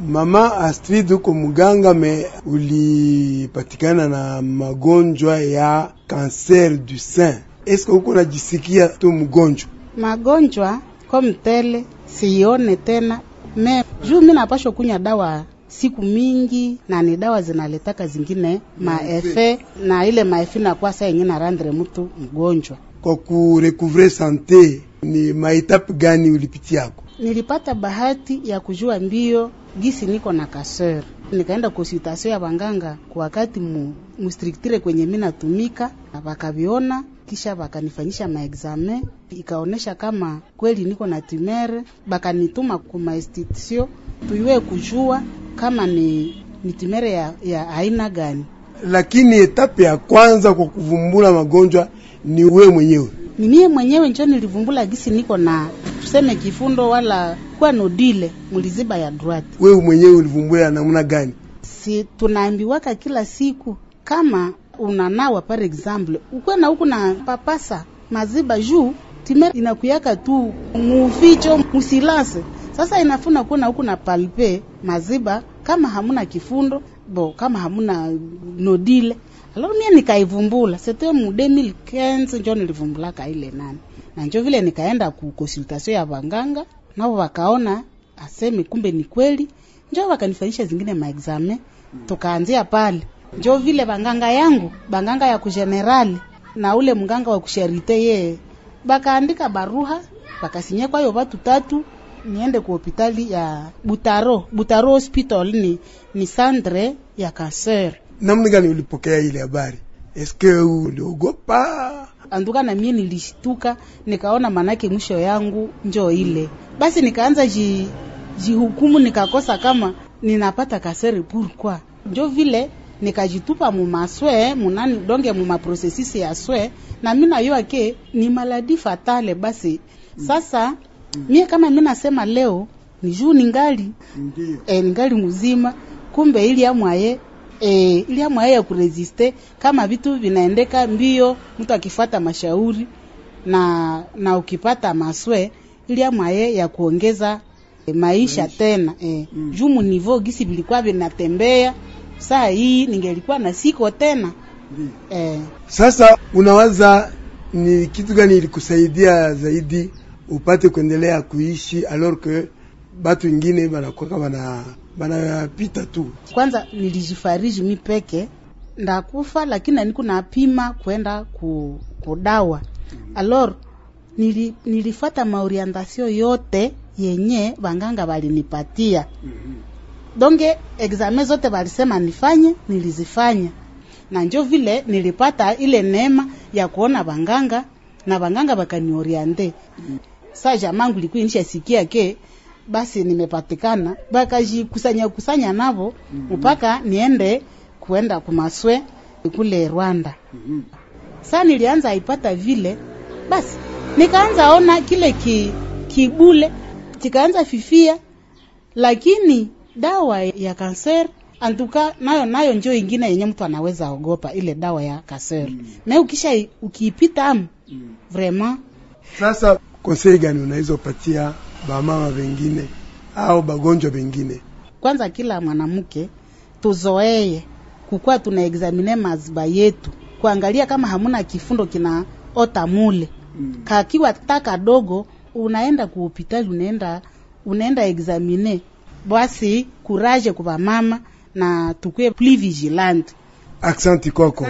Mama Astrid uko muganga me ulipatikana na magonjwa ya cancer du sein. Eske uko najisikia tu mgonjwa? Magonjwa kama mtele, sione tena me juu mimi napasha kunya dawa siku mingi na ni dawa zinaletaka zingine maefe na ile maefe kwa sasa yenyewe na randre mtu mgonjwa. Kwa kurecouvre sante, ni maetape gani ulipitia Nilipata bahati ya kujua mbio gisi niko na kaseur, nikaenda konsultasio ya banganga kwa wakati mu, mustriktire kwenye mimi natumika, bakaviona kisha bakanifanyisha maexame ikaonesha kama kweli niko na tumere, bakanituma ku mainstitution tuiwe kujua kama ni, ni tumere ya, ya aina gani. Lakini etape ya kwanza kwa kuvumbula magonjwa ni wewe mwenyewe. Ni mimi mwenyewe njo nilivumbula gisi niko na tuseme kifundo wala kwa nodile muliziba ya droite. Wewe mwenyewe ulivumbua namna gani? Si tunaambiwaka kila siku kama unanawa par exemple na huku na papasa maziba juu time inakuyaka tu muficho musilase. Sasa inafuna na huku na palpe maziba kama hamuna kifundo bo kama hamuna nodile. Alors mimi nikaivumbula, c'était mu 2015 ndio nilivumbulaka ile nani na njo vile nikaenda ku konsultation ya vanganga nao vakaona aseme kumbe ni kweli, njo vakanifanyisha zingine maexamen, tukaanzia pale. Njo vile vanganga yangu banganga ya kugenerali na ule mganga wa kusharite ye bakaandika baruha bakasinya kwa hiyo watu tatu niende ku hopitali ya Butaro. Butaro hospital ni, ni centre ya cancer. Namna gani ulipokea ile habari? Eske uliogopa? anduka na mie nilishtuka, nikaona manake mwisho yangu njo ile. Basi nikaanza ji, jihukumu nikakosa kama ninapata kasere pourquoi, njo vile nikajitupa mumaswe munani donge mumaprosesisi ya swe na mi nayoa ke ni maladi fatale. Basi sasa mie kama mi nasema leo ni juu ningali e, eh, ningali muzima kumbe ili amwaye e, ili hamu ya kuresiste kama vitu vinaendeka mbio, mtu akifuata mashauri na na ukipata maswe ili hamu ya kuongeza e, maisha Maish. tena e, mm. jumu nivo gisi vilikuwa vinatembea saa hii ningelikuwa na siko tena mm. e. Sasa unawaza ni kitu gani ilikusaidia zaidi upate kuendelea kuishi alors que batu ingine banakwaka bana banapita tu. Kwanza nilijifariji mi peke ndakufa, lakini niko napima kwenda ku, kudawa alor nili, nilifata maoriandasio yote yenye banganga balinipatia mm -hmm. Donge exame zote balisema nifanye, nilizifanya na njo vile nilipata ile neema ya kuona banganga na banganga bakanioriente mm -hmm. Sa jamangu likuinisha sikia ke basi nimepatikana, bakajikusanya kusanya navo mhm. mpaka mm -hmm. niende kuenda kumaswe kule Rwanda mm -hmm. Saa nilianza aipata vile basi, nikaanza ona kile ki, kibule chikaanza fifia, lakini dawa ya kanser antuka nayo nayo njo ingine yenye mtu anaweza ogopa ile dawa ya kanser mm. na ukisha ukiipita am mm. vraiment. Sasa konsei gani unaweza upatia bamama wengine au bagonjwa vengine Kwanza kila mwanamke tuzoee kukuwa tuna examine maziba yetu, kuangalia kama hamuna kifundo ota mule mm. kakiwa taka dogo, unaenda kuhopitali, unaenda unaenda examine. Basi kuraje kwa mama na tukue plus vigilante. Accent kwako.